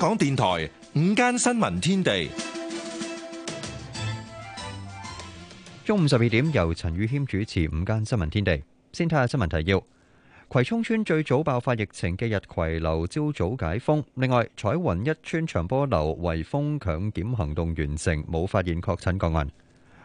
港電台午間新聞天地，中午十二點，由陳宇謙主持午間新聞天地。先睇下新聞提要：葵涌村最早爆發疫情嘅日葵樓朝早解封，另外彩雲一村長波樓圍封強檢行動完成，冇發現確診個案。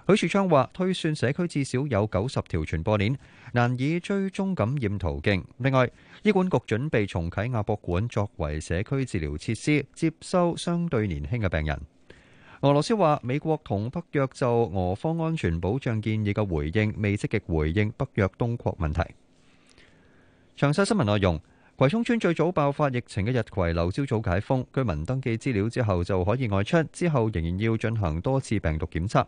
許樹昌話：推算社區至少有九十條傳播鏈，難以追蹤感染途徑。另外，醫管局準備重啟亞博館作為社區治療設施，接收相對年輕嘅病人。俄羅斯話：美國同北約就俄方安全保障建議嘅回應，未積極回應北約東擴問題。詳細新聞內容：葵涌村最早爆發疫情嘅日葵樓，朝早解封，居民登記資料之後就可以外出，之後仍然要進行多次病毒檢測。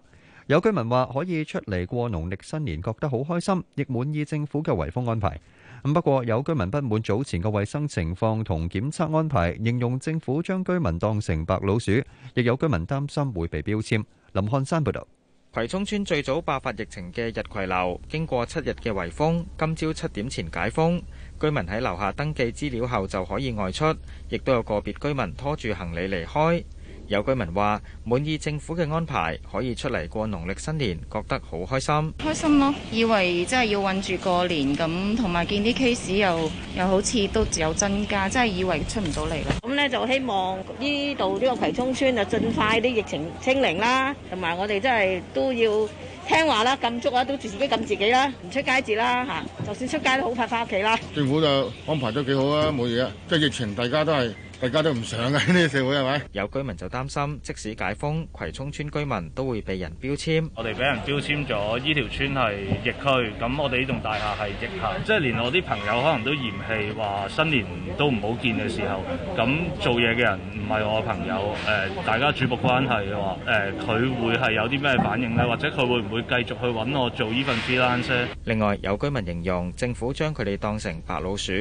有居民話可以出嚟過農曆新年，覺得好開心，亦滿意政府嘅圍封安排。咁不過有居民不滿早前嘅衞生情況同檢測安排，形容政府將居民當成白老鼠。亦有居民擔心會被標籤。林漢山報導。葵涌邨最早爆發疫情嘅逸葵樓，經過七日嘅圍封，今朝七點前解封，居民喺樓下登記資料後就可以外出。亦都有個別居民拖住行李離開。有居民話滿意政府嘅安排，可以出嚟過農曆新年，覺得好開心。開心咯，以為真係要韞住過年，咁同埋見啲 case 又又好似都有增加，真係以為出唔到嚟啦。咁咧就希望呢度呢個葵涌村就盡快啲疫情清零啦。同埋我哋真係都要聽話啦，禁足啊，都至少自己禁自己啦，唔出街節啦吓，就算出街都好快返屋企啦。政府就安排得幾好啊，冇嘢啊，即係疫情大家都係。大家都唔想啊呢、這個社會係咪？有居民就擔心，即使解封，葵涌村居民都會被人標籤，我哋俾人標籤咗，依條村係疫區，咁我哋呢棟大廈係疫區，即係連我啲朋友可能都嫌棄話新年都唔好見嘅時候，咁做嘢嘅人唔係我朋友，誒、呃、大家主僕關係嘅話誒佢、呃、會係有啲咩反應呢？或者佢會唔會繼續去揾我做依份 freelance 另外有居民形容，政府將佢哋當成白老鼠，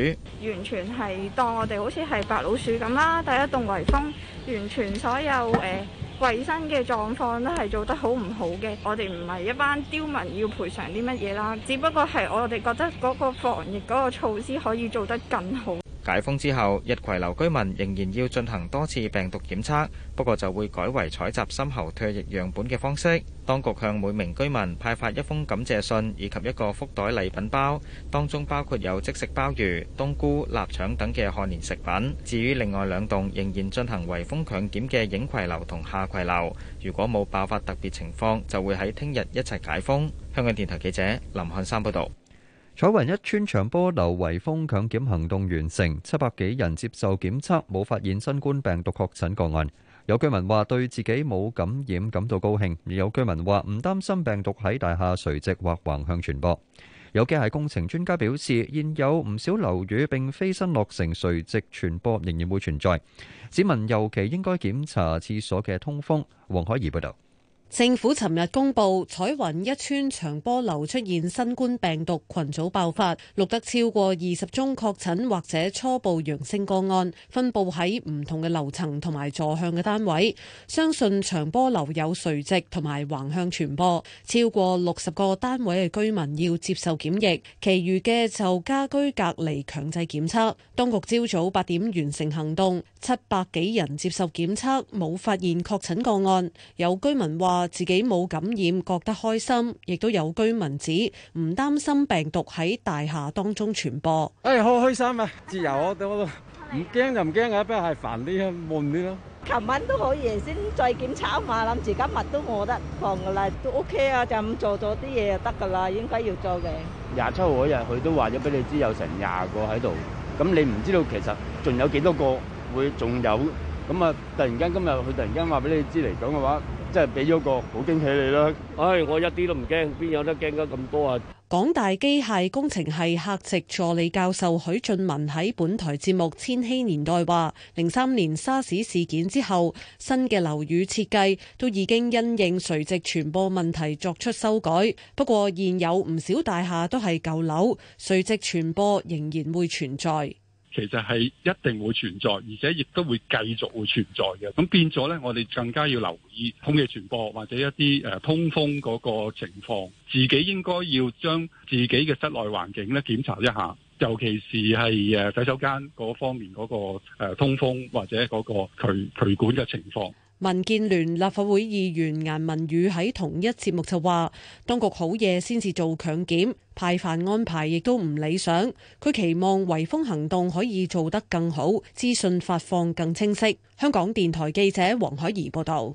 完全係當我哋好似係白老鼠咁咁啦，第一棟圍封，完全所有誒，呃，衞生嘅狀況都係做得好唔好嘅。我哋唔係一班刁民要賠償啲乜嘢啦，只不過係我哋覺得嗰個防疫嗰個措施可以做得更好。解封之後，日葵樓居民仍然要進行多次病毒檢測，不過就會改為採集深喉唾液樣本嘅方式。當局向每名居民派發一封感謝信以及一個福袋禮品包，當中包括有即食鮑魚、冬菇、臘腸等嘅賀年食品。至於另外兩棟仍然進行圍封強檢嘅影葵樓同夏葵樓，如果冇爆發特別情況就會喺聽日一齊解封。香港電台記者林漢山報道。彩雲一村長波樓圍封強檢行動完成，七百幾人接受檢測，冇發現新冠病毒確診個案。有居民話對自己冇感染感到高興，有居民話唔擔心病毒喺大廈垂直或橫向傳播。有機械工程專家表示，現有唔少樓宇並非新落成，垂直傳播仍然會存在。市民尤其應該檢查廁所嘅通風。黃海怡報道。政府尋日公布，彩雲一村長波樓出現新冠病毒群組爆發，錄得超過二十宗確診或者初步陽性個案，分布喺唔同嘅樓層同埋座向嘅單位。相信長波樓有垂直同埋橫向傳播，超過六十個單位嘅居民要接受檢疫，其餘嘅就家居隔離強制檢測，當局朝早八點完成行動，七百幾人接受檢測，冇發現確診個案。有居民話。自己冇感染，覺得開心，亦都有居民指唔擔心病毒喺大廈當中傳播。誒，好開心啊！自由啊，我都唔驚就唔驚啊，不過係煩啲、悶啲咯。琴晚都可以先再檢查啊嘛，諗住今日都冇得放噶啦，都 OK 啊，就咁做咗啲嘢就得噶啦，應該要做嘅。廿七號嗰日，佢都話咗俾你知有成廿個喺度，咁你唔知道其實仲有幾多個會仲有咁啊？突然間今日佢突然間話俾你知嚟講嘅話。即係俾咗個好驚喜你啦！唉、哎，我一啲都唔驚，邊有得驚得咁多啊？港大機械工程系客席助理教授許俊文喺本台節目《千禧年代》話：零三年沙士事件之後，新嘅樓宇設計都已經因應垂直傳播問題作出修改。不過現有唔少大廈都係舊樓，垂直傳播仍然會存在。其實係一定會存在，而且亦都會繼續會存在嘅。咁變咗呢，我哋更加要留意空氣傳播，或者一啲誒通風嗰個情況。自己應該要將自己嘅室內環境咧檢查一下，尤其是係誒洗手間嗰方面嗰個誒通風或者嗰個渠渠管嘅情況。民建聯立法會議員顏文宇喺同一節目就話：當局好夜先至做強檢派飯安排，亦都唔理想。佢期望圍封行動可以做得更好，資訊發放更清晰。香港電台記者黃海怡報道。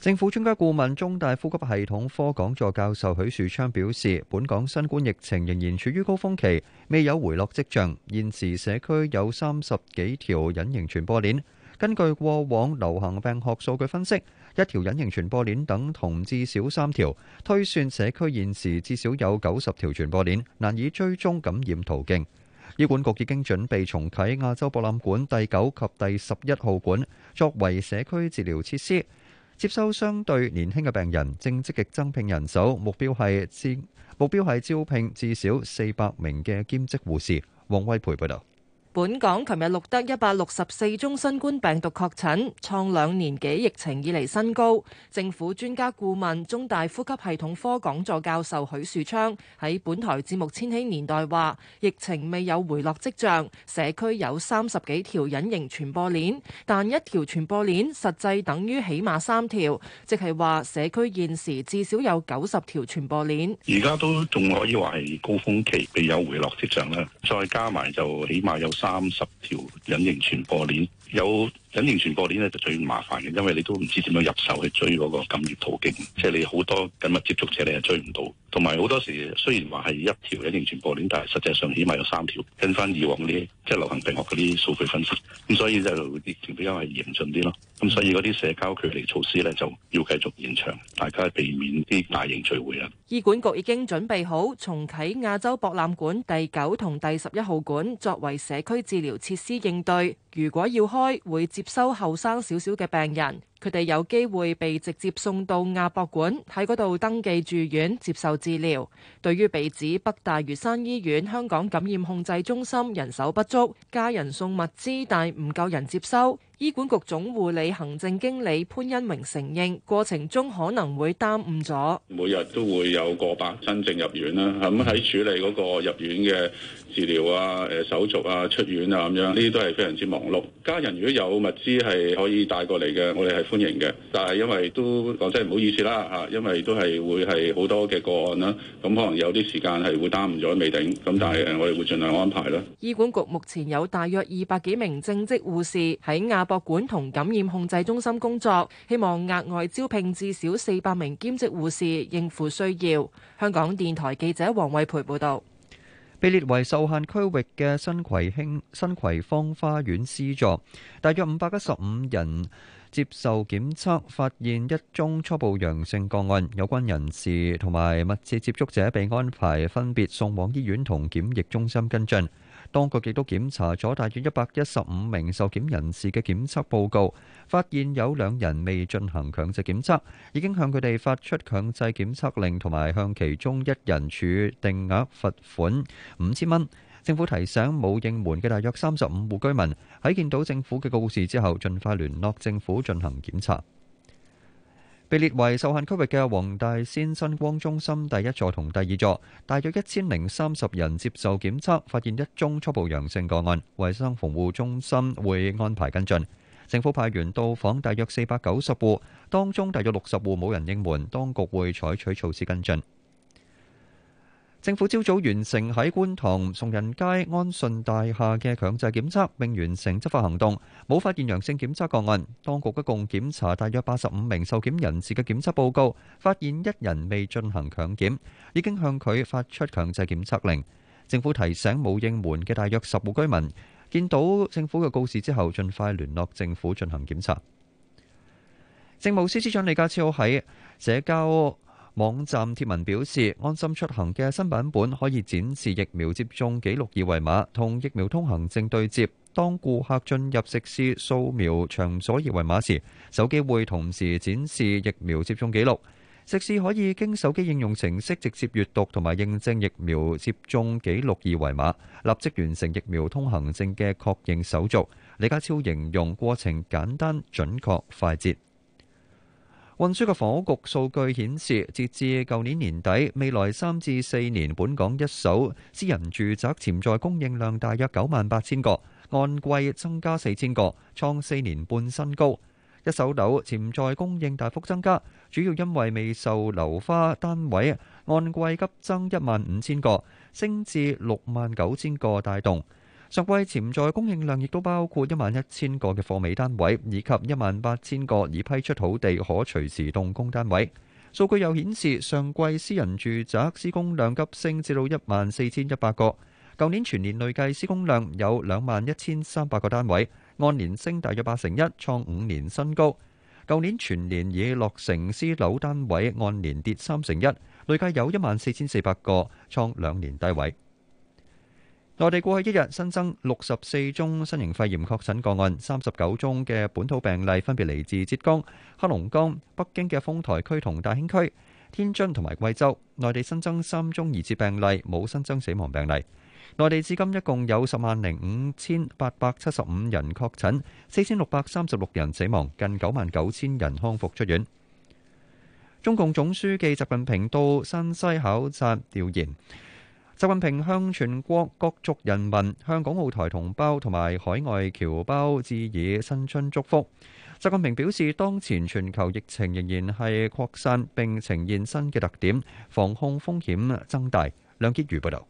政府專家顧問、中大呼吸系統科講座教授許樹昌表示，本港新冠疫情仍然處於高峰期，未有回落跡象。現時社區有三十幾條隱形傳播鏈。根據過往流行病學數據分析，一條隱形傳播鏈等同至少三條，推算社區現時至少有九十條傳播鏈，難以追蹤感染途徑。醫管局已經準備重啟亞洲博覽館第九及第十一號館作為社區治療設施，接收相對年輕嘅病人，正積極增聘人手，目標係招目標係招聘至少四百名嘅兼職護士。王威培報道。本港琴日錄得一百六十四宗新冠病毒確診，創兩年幾疫情以嚟新高。政府專家顧問、中大呼吸系統科講座教授許樹昌喺本台節目《千禧年代》話，疫情未有回落跡象，社區有三十幾條隱形傳播鏈，但一條傳播鏈實際等於起碼三條，即係話社區現時至少有九十條傳播鏈，而家都仲可以話係高峰期，未有回落跡象啦。再加埋就起碼有。三十條隱形傳播鏈。有隱形傳播鏈咧就最麻煩嘅，因為你都唔知點樣入手去追嗰個感染途徑，即係你好多緊密接觸者你係追唔到，同埋好多時雖然話係一條隱形傳播鏈，但係實際上起碼有三條，跟翻以往啲即係流行病學嗰啲數據分析，咁所以就疫情比較係嚴峻啲咯。咁所以嗰啲社交距離措施咧就要繼續延長，大家避免啲大型聚會啦。醫管局已經準備好重啟亞洲博覽館第九同第十一號館作為社區治療設施應對，如果要開，會接收後生少少嘅病人。佢哋有機會被直接送到亞博館，喺嗰度登記、住院、接受治療。對於被指北大嶼山醫院香港感染控制中心人手不足，家人送物資但唔夠人接收，醫管局總護理行政經理潘恩榮承認，過程中可能會耽誤咗。每日都會有過百真正入院啦，咁喺處理嗰個入院嘅治療啊、誒手續啊、出院啊咁樣，呢啲都係非常之忙碌。家人如果有物資係可以帶過嚟嘅，我哋係。歡迎嘅，但係因為都講真唔好意思啦嚇，因為都係會係好多嘅個案啦，咁可能有啲時間係會耽誤咗未定，咁但係誒，我哋會盡量安排啦。醫管局目前有大約二百幾名正職護士喺亞博館同感染控制中心工作，希望額外招聘至少四百名兼職護士應付需要。香港電台記者黃慧培報道，被列為受限區域嘅新葵興新葵芳花園 C 座，大約五百一十五人，接受檢測，發現一宗初步陽性個案，有關人士同埋密切接觸者被安排分別送往醫院同檢疫中心跟進。當局亦都檢查咗大約一百一十五名受檢人士嘅檢測報告，發現有兩人未進行強制檢測，已經向佢哋發出強制檢測令，同埋向其中一人處定額罰款五千蚊。政府提醒冇應門嘅大約三十五戶居民喺見到政府嘅告示之後，盡快聯絡政府進行檢查。被列為受限區域嘅黃大仙新光中心第一座同第二座，大約一千零三十人接受檢測，發現一宗初步陽性個案，衞生防護中心會安排跟進。政府派員到訪大約四百九十戶，當中大約六十戶冇人應門，當局會採取措施跟進。政府朝早完成喺觀塘崇仁街安信大廈嘅強制檢測，並完成執法行動，冇發現陽性檢測個案。當局一共檢查大約八十五名受檢人士嘅檢測報告，發現一人未進行強檢，已經向佢發出強制檢測令。政府提醒冇應門嘅大約十戶居民，見到政府嘅告示之後，盡快聯絡政府進行檢查。政務司司長李家超喺社交網站貼文表示，安心出行嘅新版本可以展示疫苗接種記錄二維碼，同疫苗通行證對接。當顧客進入食肆掃描場所二維碼時，手機會同時展示疫苗接種記錄。食肆可以經手機應用程式直接閱讀同埋認證疫苗接種記錄二維碼，立即完成疫苗通行證嘅確認手續。李家超形容過程簡單、準確、快捷。運輸及房屋局數據顯示，截至舊年年底，未來三至四年，本港一手私人住宅潛在供應量大約九萬八千個，按季增加四千個，創四年半新高。一手樓潛在供應大幅增加，主要因為未售樓花單位按季急增一萬五千個，升至六萬九千個帶動。上季潛在供應量亦都包括一萬一千個嘅貨尾單位，以及一萬八千個已批出土地可隨時動工單位。數據又顯示，上季私人住宅施工量急升至到一萬四千一百個，舊年全年累計施工量有兩萬一千三百個單位，按年升大約八成一，創五年新高。舊年全年已落成私樓單位，按年跌三成一，累計有一萬四千四百個，創兩年低位。內地過去一日新增六十四宗新型肺炎確診個案，三十九宗嘅本土病例分別嚟自浙江、黑龍江、北京嘅豐台區同大興區、天津同埋貴州。內地新增三宗疑似病例，冇新增死亡病例。內地至今一共有十萬零五千八百七十五人確診，四千六百三十六人死亡，近九萬九千人康復出院。中共總書記習近平到山西考察調研。習近平向全國各族人民、向港澳台同胞同埋海外僑胞致以新春祝福。習近平表示，當前全球疫情仍然係擴散，並呈現新嘅特點，防控風險增大。梁潔如報道。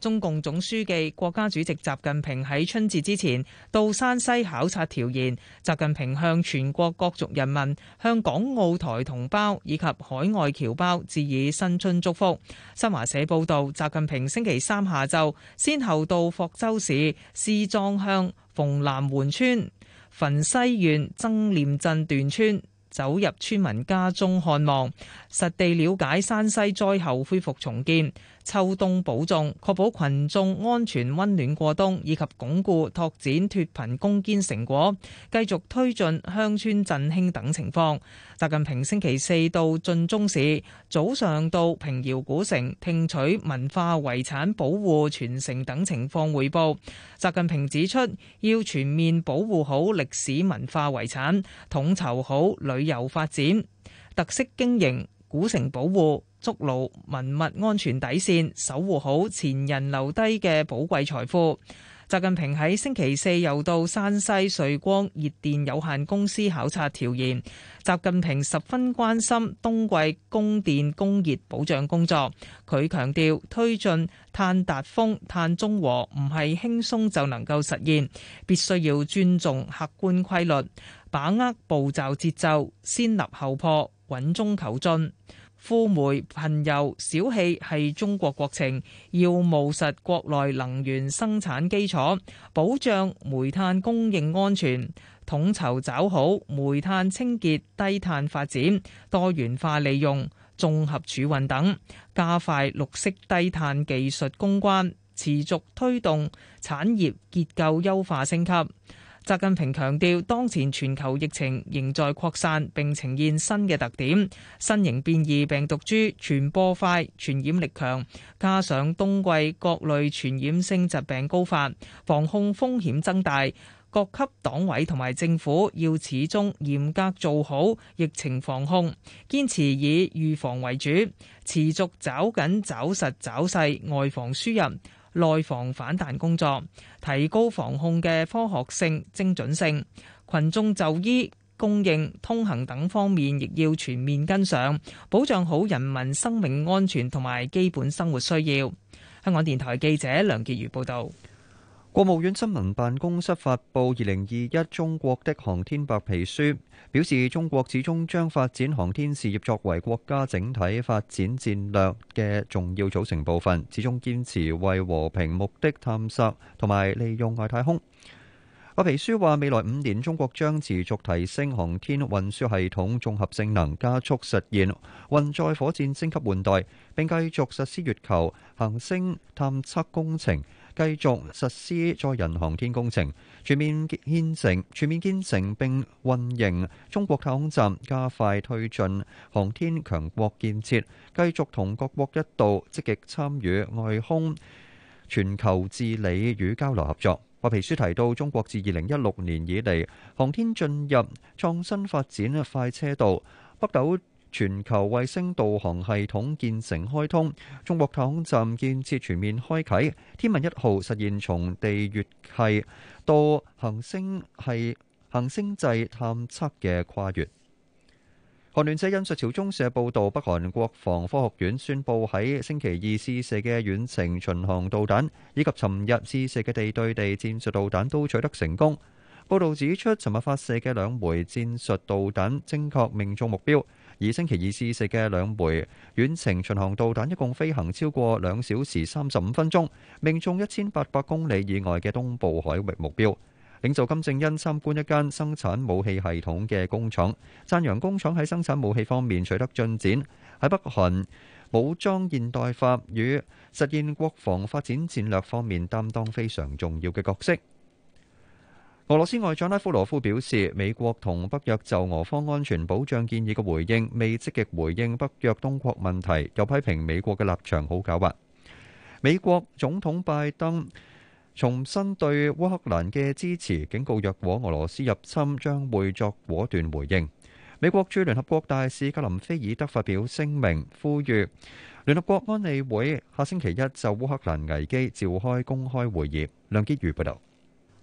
中共總書記、國家主席習近平喺春節之前到山西考察調研。習近平向全國各族人民、向港澳台同胞以及海外僑胞致以新春祝福。新華社報道，習近平星期三下晝先後到霍州市師莊鄉馮南垣村、汾西縣僧念鎮段村。走入村民家中看望，實地了解山西災後恢復重建，秋冬保重，確保群眾安全温暖過冬，以及鞏固拓展脫貧攻堅成果，繼續推進鄉村振興等情況。習近平星期四到晉中市，早上到平遙古城聽取文化遺產保護傳承等情況匯報。習近平指出，要全面保護好歷史文化遺產，統籌好旅旅遊發展、特色經營、古城保護、築牢文物安全底線，守護好前人留低嘅寶貴財富。習近平喺星期四又到山西瑞光熱電有限公司考察調研。習近平十分關心冬季供電供熱保障工作，佢強調推進碳達峰、碳中和唔係輕鬆就能夠實現，必須要尊重客觀規律。把握步驟節奏，先立後破，穩中求進。富煤貧油、少氣係中國國情，要務實國內能源生產基礎，保障煤炭供應安全。統籌抓好煤炭清潔低碳發展、多元化利用、綜合儲運等，加快綠色低碳技術攻關，持續推動產業結構優化升級。習近平強調，當前全球疫情仍在擴散，並呈現新嘅特點。新型變異病毒株傳播快、傳染力強，加上冬季各類傳染性疾病高發，防控風險增大。各級黨委同埋政府要始終嚴格做好疫情防控，堅持以預防為主，持續抓緊、抓實、抓細外防輸入。內防反彈工作，提高防控嘅科學性、精準性，群眾就醫、供應、通行等方面亦要全面跟上，保障好人民生命安全同埋基本生活需要。香港電台記者梁潔如報道。國務院新聞辦公室發布《二零二一中國的航天白皮書》，表示中國始終將發展航天事業作為國家整體發展戰略嘅重要組成部分，始終堅持為和平目的探索同埋利用外太空。白皮書話，未來五年中國將持續提升航天運輸系統綜合性能，加速實現運載火箭升級換代，並繼續實施月球、行星探測工程。繼續實施載人航天工程，全面建成全面建成並運營中國太空站，加快推進航天強國建設，繼續同各國一道積極參與外空全球治理與交流合作。白皮書提到，中國自二零一六年以嚟，航天進入創新發展快車道。北斗全球衛星導航系統建成開通，中國太空站建設全面開啓，天問一號實現從地月系到行星系行星際探測嘅跨越。韓聯社引述朝中社報導，北韓國防科學院宣佈喺星期二試射嘅遠程巡航導彈，以及尋日試射嘅地對地戰術導彈都取得成功。報導指出，尋日發射嘅兩枚戰術導彈精確命中目標。而星期二試射嘅兩枚遠程巡航導彈，一共飛行超過兩小時三十五分鐘，命中一千八百公里以外嘅東部海域目標。領袖金正恩參觀一間生產武器系統嘅工廠，讚揚工廠喺生產武器方面取得進展，喺北韓武裝現代化與實現國防發展戰略方面擔當非常重要嘅角色。俄羅斯外長拉夫羅夫表示，美國同北約就俄方安全保障建議嘅回應，未積極回應北約東擴問題，又批評美國嘅立場好狡猾。美國總統拜登重申對烏克蘭嘅支持，警告若果俄羅斯入侵，將會作果斷回應。美國駐聯合國大使格林菲爾德發表聲明，呼籲聯合國安理會下星期一就烏克蘭危機召開公開會議。梁潔如報導。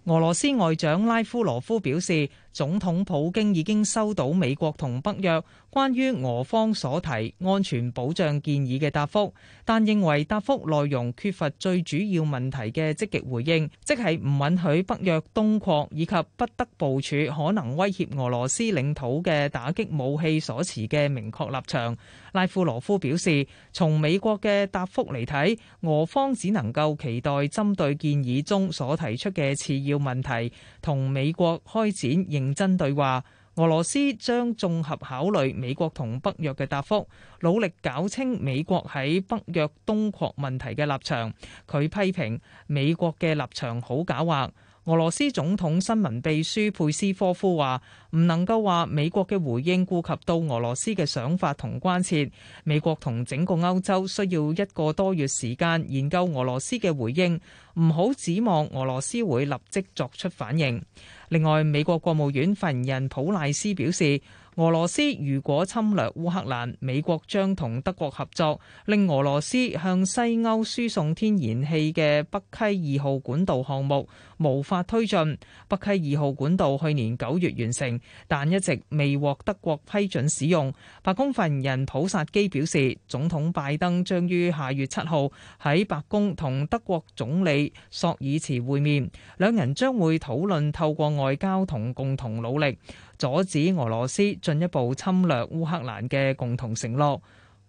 俄羅斯外長拉夫羅夫表示，總統普京已經收到美國同北約關於俄方所提安全保障建議嘅答覆，但認為答覆內容缺乏最主要問題嘅積極回應，即係唔允許北約東擴以及不得部署可能威脅俄羅斯領土嘅打擊武器所持嘅明確立場。拉夫羅夫表示，從美國嘅答覆嚟睇，俄方只能夠期待針對建議中所提出嘅次要問題，同美國開展認。針對話，俄羅斯將綜合考慮美國同北約嘅答覆，努力搞清美國喺北約東擴問題嘅立場。佢批評美國嘅立場好狡猾。俄羅斯總統新聞秘書佩斯科夫話：唔能夠話美國嘅回應顧及到俄羅斯嘅想法同關切。美國同整個歐洲需要一個多月時間研究俄羅斯嘅回應，唔好指望俄羅斯會立即作出反應。另外，美國國務院發言人普賴斯表示：俄羅斯如果侵略烏克蘭，美國將同德國合作，令俄羅斯向西歐輸送天然氣嘅北溪二號管道項目無法推進。北溪二號管道去年九月完成，但一直未獲德國批准使用。白宮發言人普薩基表示，總統拜登將於下月七號喺白宮同德國總理朔爾茨會面，兩人將會討論透過外交同共同努力阻止俄羅斯進一步侵略烏克蘭嘅共同承諾。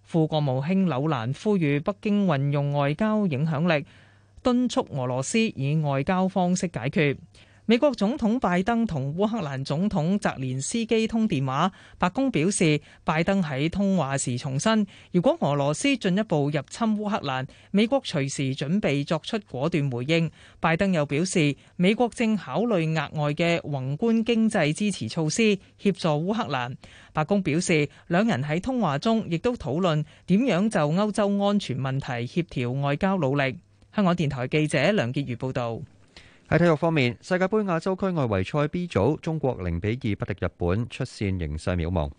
副國務卿紐蘭呼籲北京運用外交影響力，敦促俄羅斯以外交方式解決。美國總統拜登同烏克蘭總統澤連斯基通電話，白宮表示，拜登喺通話時重申，如果俄羅斯進一步入侵烏克蘭，美國隨時準備作出果斷回應。拜登又表示，美國正考慮額外嘅宏觀經濟支持措施協助烏克蘭。白宮表示，兩人喺通話中亦都討論點樣就歐洲安全問題協調外交努力。香港電台記者梁潔如報道。喺體育方面，世界杯亞洲區外圍賽 B 組，中國零比二不敵日本，出線形勢渺茫。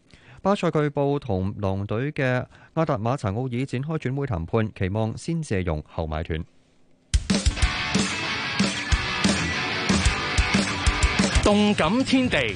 巴塞據報同狼隊嘅阿達馬查奧爾展開轉會談判，期望先借用後買斷。動感天地。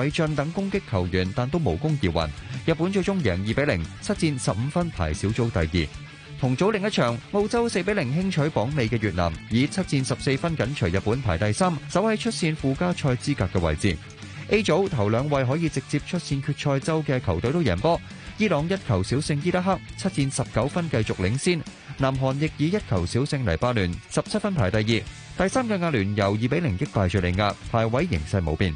尾仗等攻擊球員，但都無功而還。日本最終贏二比零，七戰十五分排小組第二。同組另一場，澳洲四比零輕取榜尾嘅越南，以七戰十四分緊隨日本排第三，首喺出線附加賽資格嘅位置。A 組頭兩位可以直接出線決賽周嘅球隊都贏波。伊朗一球小勝伊拉克，七戰十九分繼續領先。南韓亦以一球小勝黎巴嫩，十七分排第二。第三嘅阿聯由二比零擊敗敘利亞，排位形勢冇變。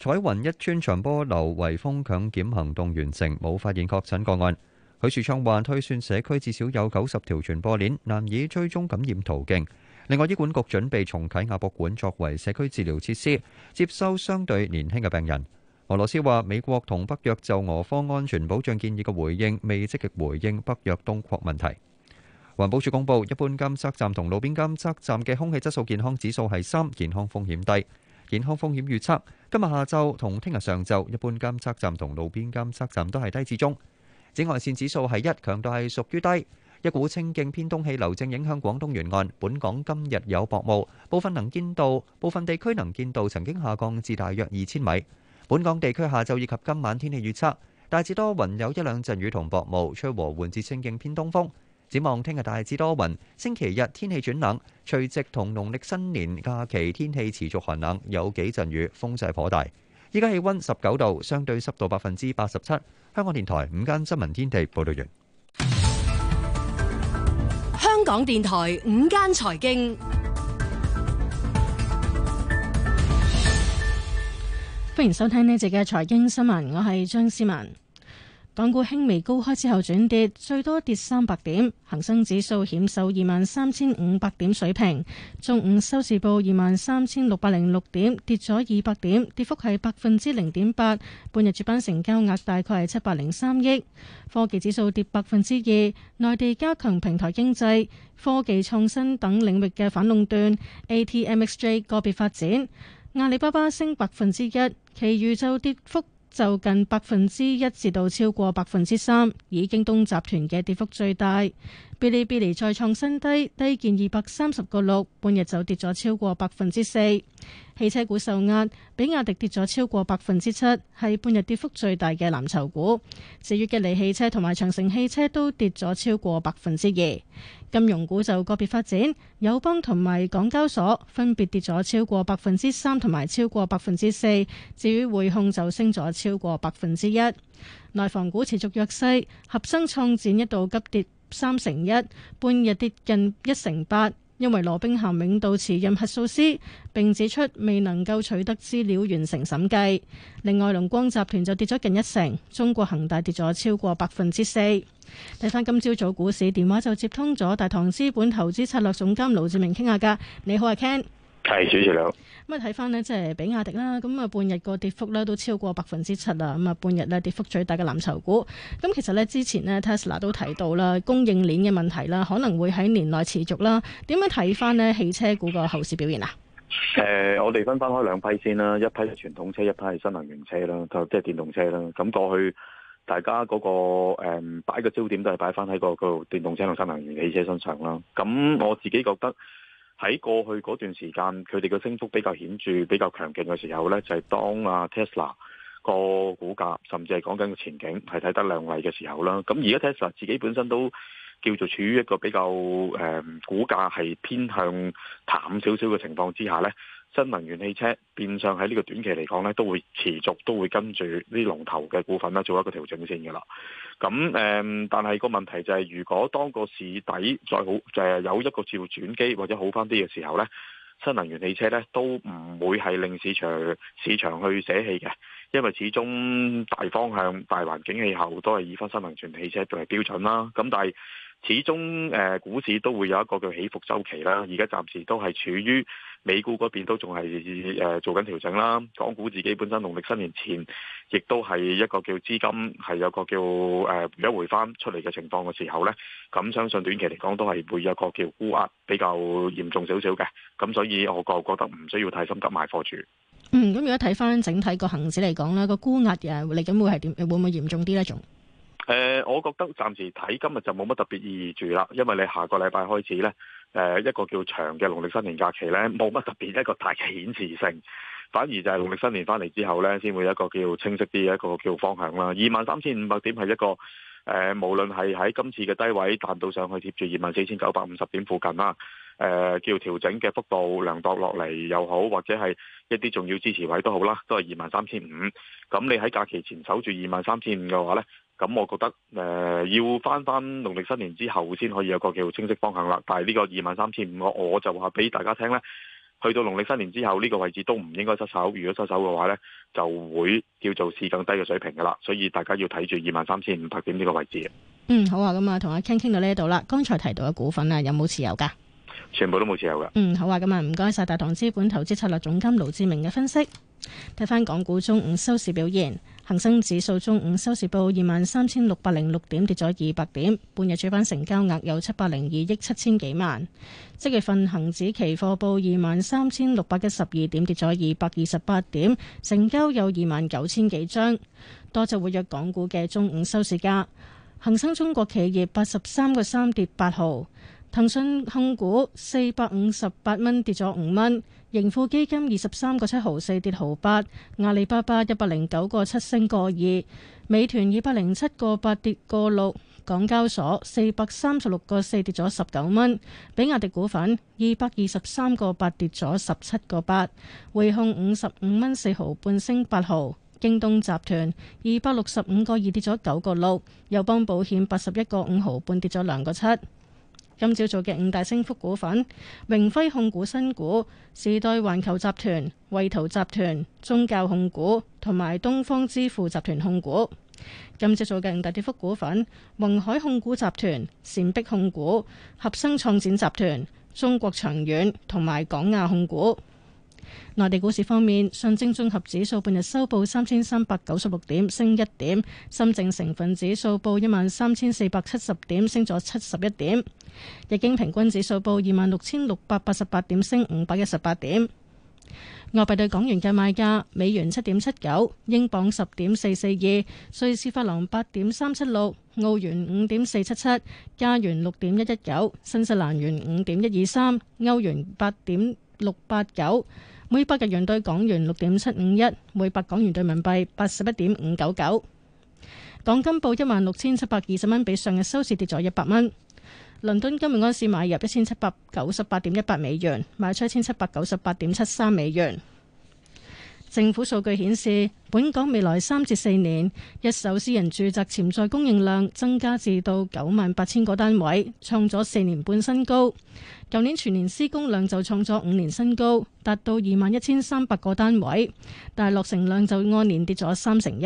彩雲一村長波樓圍封強檢行動完成，冇發現確診個案。許樹昌話：推算社區至少有九十條傳播鏈，難以追蹤感染途徑。另外，醫管局準備重啟亞博館作為社區治療設施，接收相對年輕嘅病人。俄羅斯話：美國同北約就俄方安全保障建議嘅回應，未積極回應北約東擴問題。環保署公佈，一般監測站同路邊監測站嘅空氣質素健康指數係三，健康風險低。健康風險預測，今日下晝同聽日上晝，一般監測站同路邊監測站都係低至中。紫外線指數係一，強度係屬於低。一股清勁偏東氣流正影響廣東沿岸，本港今日有薄霧，部分能見度部分地區能見度曾經下降至大約二千米。本港地區下晝以及今晚天氣預測大致多雲，有一兩陣雨同薄霧，吹和緩至清勁偏東風。展望聽日大致多雲，星期日天氣轉冷，除夕同農曆新年假期天氣持續寒冷，有幾陣雨，風勢頗大。依家氣溫十九度，相對濕度百分之八十七。香港電台午間新聞天地報道完。香港電台午間財經，歡迎收聽呢節嘅財經新聞，我係張思文。港股輕微高開之後轉跌，最多跌三百點，恆生指數險守二萬三千五百點水平。中午收市報二萬三千六百零六點，跌咗二百點，跌幅係百分之零點八。半日主板成交額大概係七百零三億。科技指數跌百分之二，內地加強平台經濟、科技創新等領域嘅反壟斷。ATMXJ 個別發展，阿里巴巴升百分之一，其餘就跌幅，就近百分之一至到超過百分之三，以京東集團嘅跌幅最大。嗶哩嗶哩再創新低，低見二百三十個六，半日就跌咗超過百分之四。汽車股受壓，比亞迪跌咗超過百分之七，係半日跌幅最大嘅藍籌股。至於吉利汽車同埋長城汽車都跌咗超過百分之二。金融股就個別發展，友邦同埋港交所分別跌咗超過百分之三同埋超過百分之四，至於匯控就升咗超過百分之一。內房股持續弱勢，合生創展一度急跌三成一，半日跌近一成八。因為羅兵咸永道辭任核數師，並指出未能夠取得資料完成審計。另外，龍光集團就跌咗近一成，中國恒大跌咗超過百分之四。睇翻今朝早,早股市電話就接通咗大堂資本投資策略總監盧志明傾下㗎。你好，阿 Ken 係主持咁啊，睇翻呢，即係比亞迪啦，咁啊，半日個跌幅咧都超過百分之七啦。咁啊，半日咧跌幅最大嘅藍籌股。咁其實咧，之前呢 Tesla 都提到啦，供應鏈嘅問題啦，可能會喺年內持續啦。點樣睇翻呢？汽車股個後市表現啊。誒、呃，我哋分翻開兩批先啦，一批係傳統車，一批係新能源車啦，即、就、係、是、電動車啦。咁過去大家嗰、那個誒擺嘅焦點都係擺翻喺個個電動車同新能源汽車身上啦。咁我自己覺得。喺過去嗰段時間，佢哋嘅升幅比較顯著、比較強勁嘅時候呢，就係、是、當阿 Tesla 個股價甚至係講緊個前景係睇得亮麗嘅時候啦。咁而家 Tesla 自己本身都叫做處於一個比較誒、嗯、股價係偏向淡少少嘅情況之下呢。新能源汽車，變相喺呢個短期嚟講呢，都會持續，都會跟住啲龍頭嘅股份啦做一個調整先嘅啦。咁誒、嗯，但係個問題就係、是，如果當個市底再好就誒，有一個召轉機或者好翻啲嘅時候呢，新能源汽車呢都唔會係令市場市場去捨棄嘅，因為始終大方向、大環境、氣候都係以翻新能源汽車作為標準啦。咁但係。始終誒，股市都會有一個叫起伏周期啦。而家暫時都係處於美股嗰邊都仲係誒做緊調整啦。港股自己本身農曆新年前，亦都係一個叫資金係有個叫誒回一回翻出嚟嘅情況嘅時候咧。咁相信短期嚟講都係會有個叫沽壓比較嚴重少少嘅。咁所以我個覺得唔需要太心急買貨住。嗯，咁如果睇翻整體個恒指嚟講咧，個沽壓嘅嚟緊會係點？會唔會嚴重啲咧？仲？誒、呃，我覺得暫時睇今日就冇乜特別意義住啦，因為你下個禮拜開始呢，誒、呃、一個叫長嘅農曆新年假期呢，冇乜特別一個大嘅顯示性，反而就係農曆新年翻嚟之後呢，先會一個叫清晰啲，一個叫方向啦。二萬三千五百點係一個誒、呃，無論係喺今次嘅低位彈到上去貼住二萬四千九百五十點附近啦，誒、呃、叫調整嘅幅度量度落嚟又好，或者係一啲重要支持位都好啦，都係二萬三千五。咁你喺假期前守住二萬三千五嘅話呢。咁、嗯，我覺得、呃、要翻翻農曆新年之後先可以有個叫清晰方向啦。但係呢個二萬三千五，我就話俾大家聽呢，去到農曆新年之後呢、呢個位置都唔應該失手。如果失手嘅話呢就會叫做市更低嘅水平噶啦。所以大家要睇住二萬三千五百點呢個位置。嗯，好啊，咁啊，同阿傾傾到呢度啦。剛才提到嘅股份啊，有冇持有噶？全部都冇持有噶。嗯，好啊，咁啊，唔該晒。大同資本投資策略總監盧志明嘅分析。睇翻港股中午收市表現。恒生指數中午收市報二萬三千六百零六點，跌咗二百點。半日主板成交額有七百零二億七千幾萬。即月份恒指期貨報二萬三千六百一十二點，跌咗二百二十八點，成交有二萬九千幾張。多隻活躍港股嘅中午收市價，恒生中國企業八十三個三跌八毫，騰訊控股四百五十八蚊跌咗五蚊。盈富基金二十三個七毫四跌毫八，阿里巴巴一百零九個七升個二，美團二百零七個八跌個六，港交所四百三十六個四跌咗十九蚊，比亞迪股份二百二十三個八跌咗十七個八，匯控五十五蚊四毫半升八毫，京東集團二百六十五個二跌咗九個六，友邦保險八十一個五毫半跌咗兩個七。今朝做嘅五大升幅股份：榮輝控股新股、時代環球集團、惠圖集團、中教控股同埋東方支付集團控股。今朝做嘅五大跌幅股份：宏海控股集團、善碧控股、合生創展集團、中國長遠同埋港亞控股。內地股市方面，上證綜合指數半日收報三千三百九十六點，升一點；深證成分指數報一萬三千四百七十點，升咗七十一點；日經平均指數報二萬六千六百八十八點，升五百一十八點。外幣對港元嘅賣價：美元七點七九，英鎊十點四四二，瑞士法郎八點三七六，澳元五點四七七，加元六點一一九，新西蘭元五點一二三，歐元八點六八九。每百日元兌港元六點七五一，每百港元兌人民幣八十一點五九九。港金報一萬六千七百二十蚊，比上日收市跌咗一百蚊。倫敦金每盎司買入一千七百九十八點一八美元，賣出一千七百九十八點七三美元。政府數據顯示，本港未來三至四年一手私人住宅潛在供應量增加至到九萬八千個單位，創咗四年半新高。舊年全年施工量就創咗五年新高，達到二萬一千三百個單位，但落成量就按年跌咗三成一。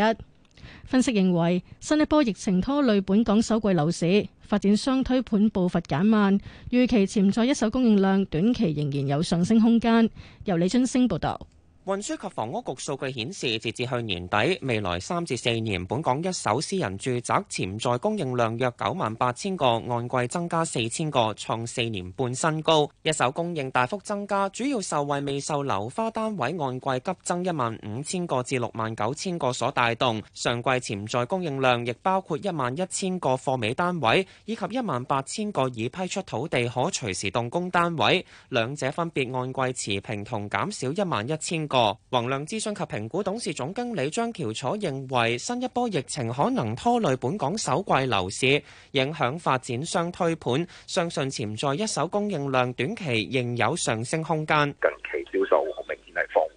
分析認為，新一波疫情拖累本港首季樓市，發展商推盤步伐減慢，預期潛在一手供應量短期仍然有上升空間，由李津升報道。運輸及房屋局數據顯示，截至去年底，未來三至四年，本港一手私人住宅潛在供應量約九萬八千個，按季增加四千個，創四年半新高。一手供應大幅增加，主要受惠未售樓花單位按季急增一萬五千個至六萬九千個所帶動。上季潛在供應量亦包括一萬一千個貨尾單位以及一萬八千個已批出土地可隨時動工單位，兩者分別按季持平同減少一萬一千個。宏亮諮詢及評估董事總經理張橋楚認為，新一波疫情可能拖累本港首季樓市，影響發展商推盤，相信潛在一手供應量短期仍有上升空間。近期銷售好明顯係放。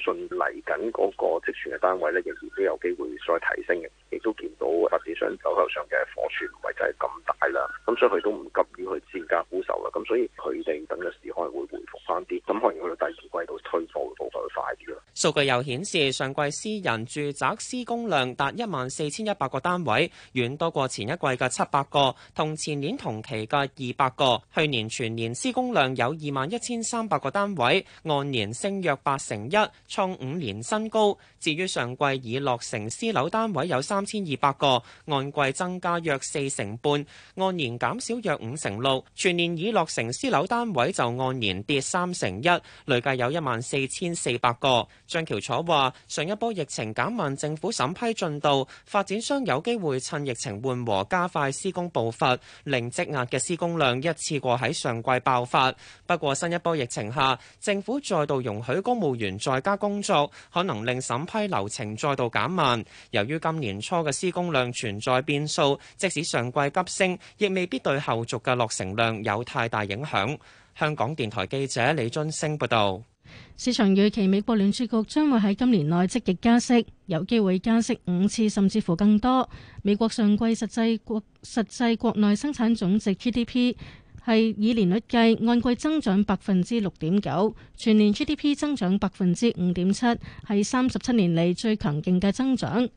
相信嚟緊嗰個積存嘅單位咧，仍然都有機會再提升嘅，亦都見到發展商，手上，手頭上嘅庫存唔係就係咁大啦，咁所以佢都唔急於去增加鋪售啦，咁所以佢哋等嘅市可能會回復翻啲，咁可能去到第二季度推貨嘅步伐會快啲啦。數據又顯示，上季私人住宅施工量達一萬四千一百個單位，遠多過前一季嘅七百個，同前年同期嘅二百個。去年全年施工量有二萬一千三百個單位，按年升約八成一，創五年新高。至於上季已落成私樓單位有三千二百個，按季增加約四成半，按年減少約五成六。全年已落成私樓單位就按年跌三成一，累計有一萬四千四百個。張橋楚話：上一波疫情減慢政府審批進度，發展商有機會趁疫情緩和加快施工步伐，令積壓嘅施工量一次過喺上季爆發。不過新一波疫情下，政府再度容許公務員在家工作，可能令審批流程再度減慢。由於今年初嘅施工量存在變數，即使上季急升，亦未必對後續嘅落成量有太大影響。香港電台記者李津升報導。市場預期美國聯儲局將會喺今年內積極加息，有機會加息五次甚至乎更多。美國上季實際國實際國內生產總值 GDP 係以年率計按季增長百分之六點九，全年 GDP 增長百分之五點七，係三十七年嚟最強勁嘅增長。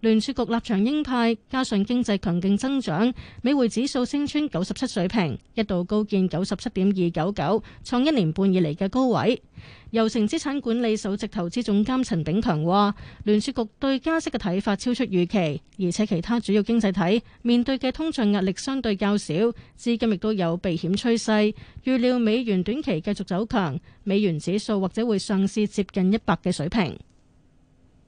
聯儲局立場鷹派，加上經濟強勁增長，美匯指數升穿97水平，一度高見97.299，創一年半以嚟嘅高位。油城資產管理首席投資總監陳炳強話：聯儲局對加息嘅睇法超出預期，而且其他主要經濟體面對嘅通脹壓力相對較少，資金亦都有避險趨勢，預料美元短期繼續走強，美元指數或者會上試接近100嘅水平。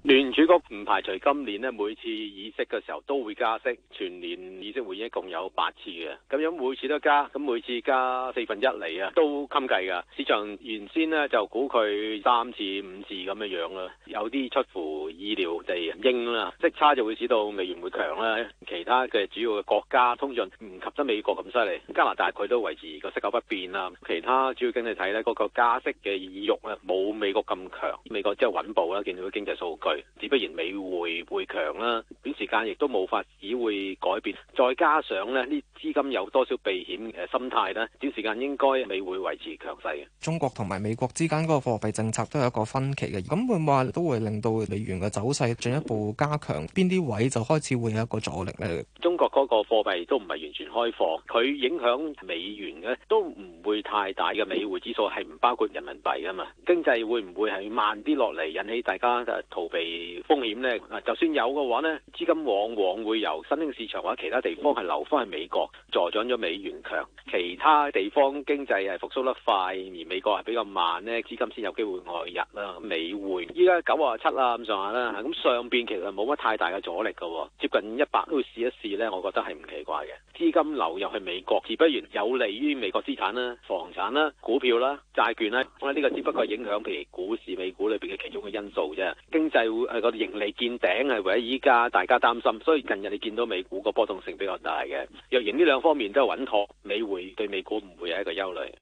聯儲局唔排除今年咧每次議息嘅時候都會加息，全年議息會議一共有八次嘅，咁樣每次都加，咁每次加四分一厘啊，都襟計噶市場原先呢就估佢三次五次咁嘅樣啦、啊，有啲出乎意料地應啦、啊，息差就會使到美元會強啦、啊，其他嘅主要嘅國家通脹唔及得美國咁犀利，加拿大佢都維持個息口不變啦、啊，其他主要經濟體呢，嗰、那個加息嘅意欲呢、啊，冇美國咁強，美國即係穩步啦，見到個經濟數據。只不然美匯會強啦，短時間亦都冇法子會改變，再加上咧呢資金有多少避險嘅心態咧，短時間應該未會維持強勢嘅。中國同埋美國之間嗰個貨幣政策都有一個分歧嘅，咁會唔會都會令到美元嘅走勢進一步加強。邊啲位置就開始會有一個阻力咧？中國嗰個貨幣都唔係完全開放，佢影響美元嘅都唔會太大嘅。美匯指數係唔包括人民幣噶嘛？經濟會唔會係慢啲落嚟，引起大家誒逃避？係風險咧，就算有嘅話咧，資金往往會由新興市場或者其他地方係流返去美國，助長咗美元強。其他地方經濟係復甦得快，而美國係比較慢咧，資金先有機會外溢啦。美匯依家九啊七啦，咁上下啦，咁上邊其實冇乜太大嘅阻力喎。接近一百都會試一試咧，我覺得係唔奇怪嘅。資金流入去美國，而不如有利於美國資產啦、啊、房產啦、啊、股票啦、啊、債券啦、啊。呢個只不過係影響譬如股市、美股裏面嘅其中嘅因素啫，經濟誒，個盈利見頂，係為咗依家大家擔心，所以近日你見到美股個波動性比較大嘅。若然呢兩方面都係穩妥，美匯對美股唔會有一個憂慮。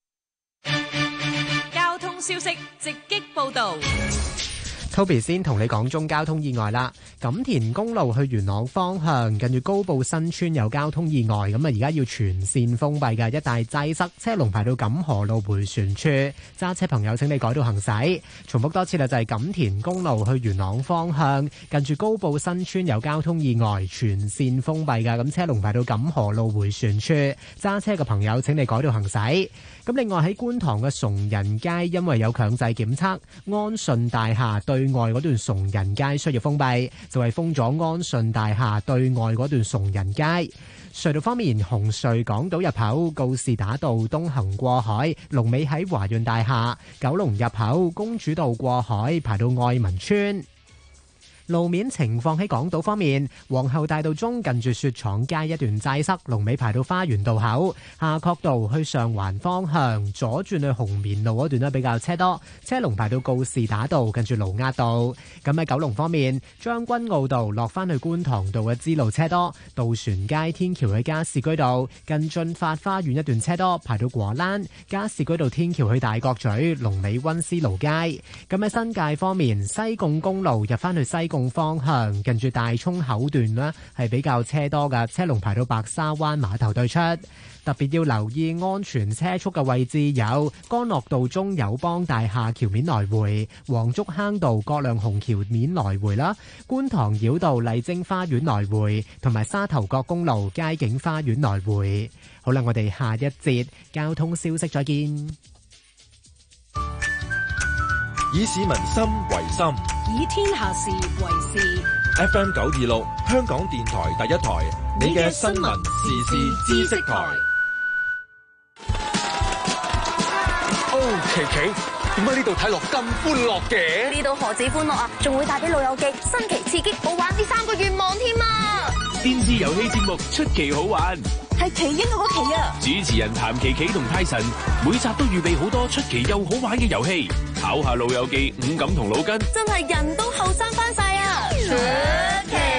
交通消息直擊報道。Toby 先同你講中交通意外啦，錦田公路去元朗方向，近住高埗新村有交通意外，咁啊而家要全線封閉㗎。一帶擠塞，車龍排到錦河路回旋處，揸車朋友請你改道行駛。重複多次啦，就係錦田公路去元朗方向，近住高埗新村有交通意外，全線封閉㗎。咁車龍排到錦河路回旋處，揸車嘅朋友請你改道行駛。咁另外喺觀塘嘅崇仁街，因為有強制檢測，安順大廈對。外嗰段崇仁街需要封閉，就係、是、封咗安順大廈對外嗰段崇仁街。隧道方面，紅隧港島入口告士打道東行過海，龍尾喺華潤大廈；九龍入口公主道過海，排到愛民邨。路面情況喺港島方面，皇后大道中近住雪廠街一段擠塞，龍尾排到花園道口；夏愨道去上環方向左轉去紅棉路嗰段都比較車多，車龍排到告士打道近住盧押道。咁喺九龍方面，將軍澳道落翻去觀塘道嘅支路車多，渡船街天橋去加士居道近駿發花園一段車多，排到果欄；加士居道天橋去大角咀龍尾溫思勞街。咁喺新界方面，西貢公路入翻去西貢方向近住大涌口段啦，係比較車多噶，車龍排到白沙灣碼頭對出。特別要留意安全車速嘅位置有干諾道中友邦大廈橋面來回、黃竹坑道葛量洪橋面來回啦、觀塘繞道麗晶花園來回，同埋沙頭角公路佳景花園來回。好啦，我哋下一節交通消息再見。以市民心為心，以天下事為事。FM 九二六，香港電台第一台，你嘅新聞、新聞時事、知識台。O 琪琪，點解呢度睇落咁歡樂嘅？呢度何止歡樂啊，仲會帶俾老友記新奇刺激，好玩啲三個願望添啊！電視遊戲節目出奇好玩。是奇英嗰個奇啊！主持人譚琪琪同泰神每集都預備好多出奇又好玩嘅遊戲，考下老友記五感同腦筋，真係人都後生翻晒啊！出奇。